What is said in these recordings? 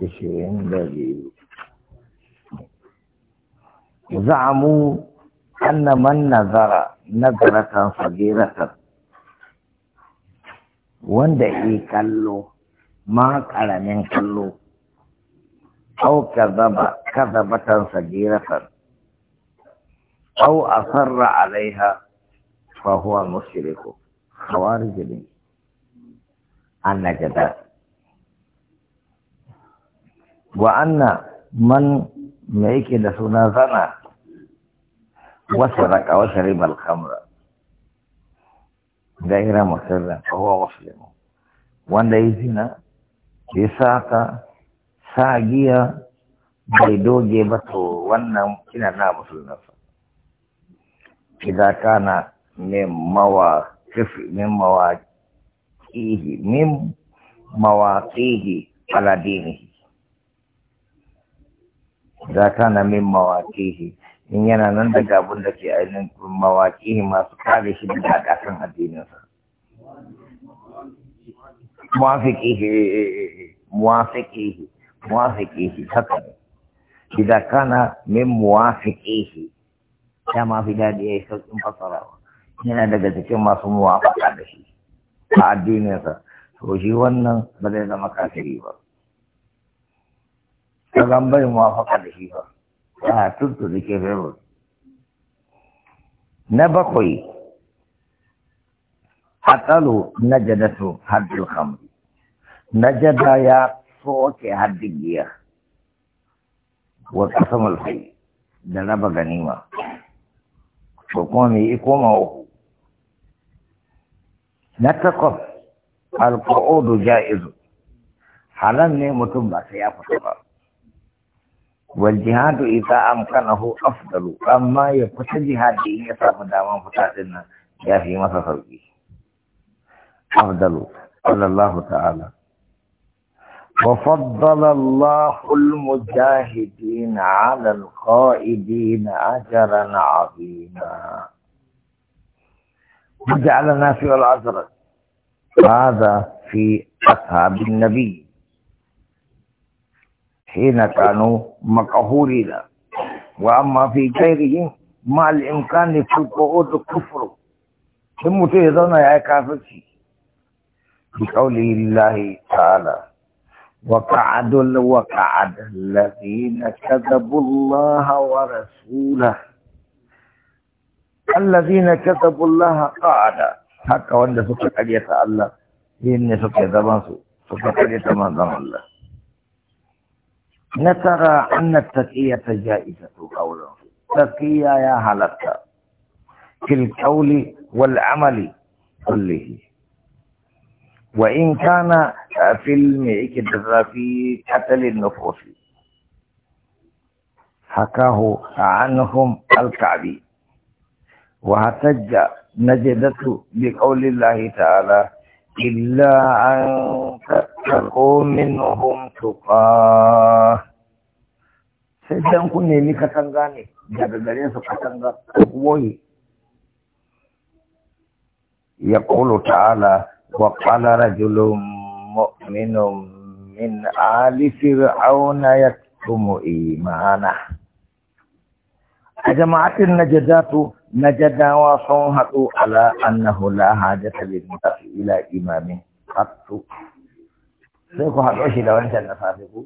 ishirin da biyu za'amu anna man nazara nazaratan wanda yi kallo ma karamin kallo au kazaba kazabatan sagiratan au asarra alaiha fa huwa mushriku khawarij ne wa anna man me yake da suna zana wasa raka wasa ribar kamra gaira wa wasu limu wanda ya zina ya saka sa giya bai doge ba to wannan kina na musulunsa idan kana na mawa kifi min mawa za ka na min mawaƙihi in yana nan daga gabun da ke ainihin mawaƙihi masu kare shi da ƙasan addininsa muwafiƙihi muwafiƙihi muwafiƙihi haka ne ka na min muwafiƙihi ya ma fi daɗi ya yi sauƙin fasarawa yana daga cikin masu muwafaƙa da shi a addininsa to shi wannan ba zai zama kafiri ba كلام بي موافقة لشيفة تو تلتو دي كيف يقول نبقي أقل نجدة حد الخمر نجد يا صوت حد الجير وقسم قسم الحی نبقى غنيمة وقومي إقومة أخو na takwas alƙa'udu ja'izu halan ne mutum ba والجهاد إذا أمكنه أفضل أما يفتح جهاد إن يصاب داما فتاتنا يا في مصر أفضل قال الله تعالى وفضل الله المجاهدين على القائدين أجرا عظيما وجعلنا في الأجر هذا في أصحاب النبي hina kanu makahurina wa amma fi ghairihi ma al-imkani fi al-qu'ud kufr mutum ya zauna ya yi kafirci bi qawli ta'ala wa qa'adul wa qa'adal ladina kadhabu Allah wa rasulahu alladhina kadhabu Allah qa'ada haka wanda suka karyata Allah yin ne suka zaman su suka karyata manzon Allah نترى أن التسقية جائزة القول تسقية يا هلتا في القول والعمل كله وإن كان في المعكدر في قتل النفوس حكاه عنهم الكعبي وهتج نجدته بقول الله تعالى إلا أن تتقوا منهم تقاه sai dan kun nemi katanga ne daga gare su katanga koyi ya qulu ta'ala wa qala rajulun mu'minun min ali fir'auna yaktumu imana a jama'atin najdatu najadawa sun haɗu ala annahu la hajata lil mutafi ila imamin hattu sai ku haɗo shi da wancan na safe ku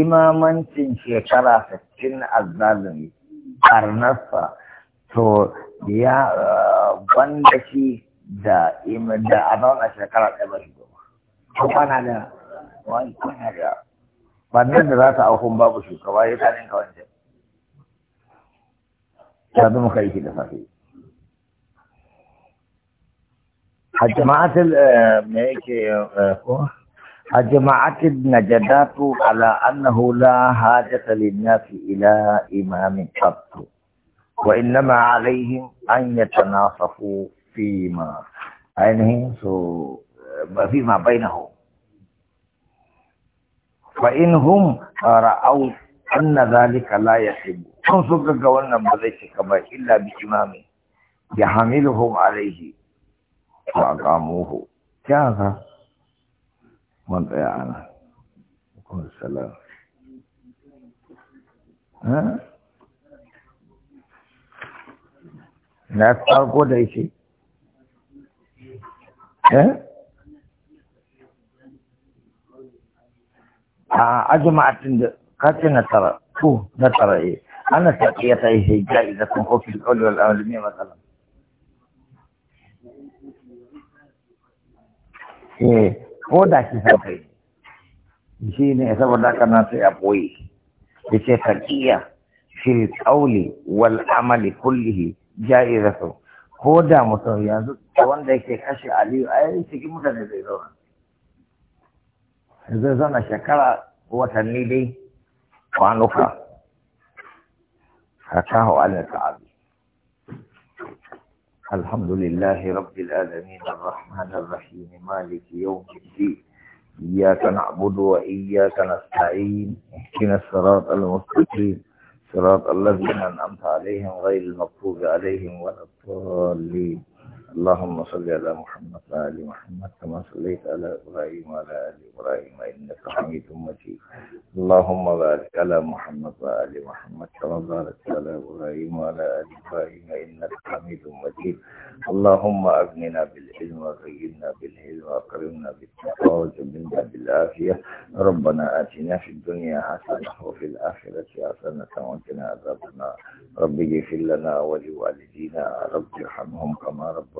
imamancin shekara sittin azzalumi ƙarnarsa to ya uh, wanda shi da da a zauna shekara ɗaya ba shi goma ko kwana da wani kwana da ba, bannan da za ta auku babu shugaba ya tarin ka wancan sabi muka yi shi da safe حجمعت حجمعت النجدات على أنه لا حاجة للناس إلى إمام قط وإنما عليهم أن يتناصفوا فيما عينهم آه، فيما بينهم فإن هم رأوا أن ذلك لا يحب كن سوك قولنا إلا بإمامي يحملهم عليه وأقاموه كيف هذا؟ من ضيع أنا؟ كن السلام ها؟ ناس قلقوا ديشي ها؟ آه، أجمعت عند kace na tara ku na tara eh ana taqiya ta yi ja'iza kun ko fil qawl wal amal mi masalan eh ko da shi sai shi ne saboda kana sai a boye yace taqiya fil qawl wal amal kullihi ja'izatu ko da mutum yanzu wanda yake kashe aliyu a yi cikin mutane zai zauna zai zauna shekara watanni dai kwanuka حكاه على الكعب الحمد لله رب العالمين الرحمن الرحيم مالك يوم الدين إياك نعبد وإياك نستعين اهدنا الصراط المستقيم صراط الذين أنعمت عليهم غير المغضوب عليهم ولا الضالين اللهم صل على محمد وعلى محمد كما صليت على إبراهيم وعلى آل إبراهيم إنك حميد مجيد اللهم بارك على محمد وعلى محمد كما باركت على إبراهيم وعلى آل إبراهيم إنك حميد مجيد اللهم أغننا بالعلم وغيرنا بالعلم وأكرمنا بالتقوى وجملنا بالعافية ربنا آتنا في الدنيا حسنة وفي الآخرة حسنة وقنا عذاب النار رب اغفر لنا ولوالدينا رب ارحمهم كما ربنا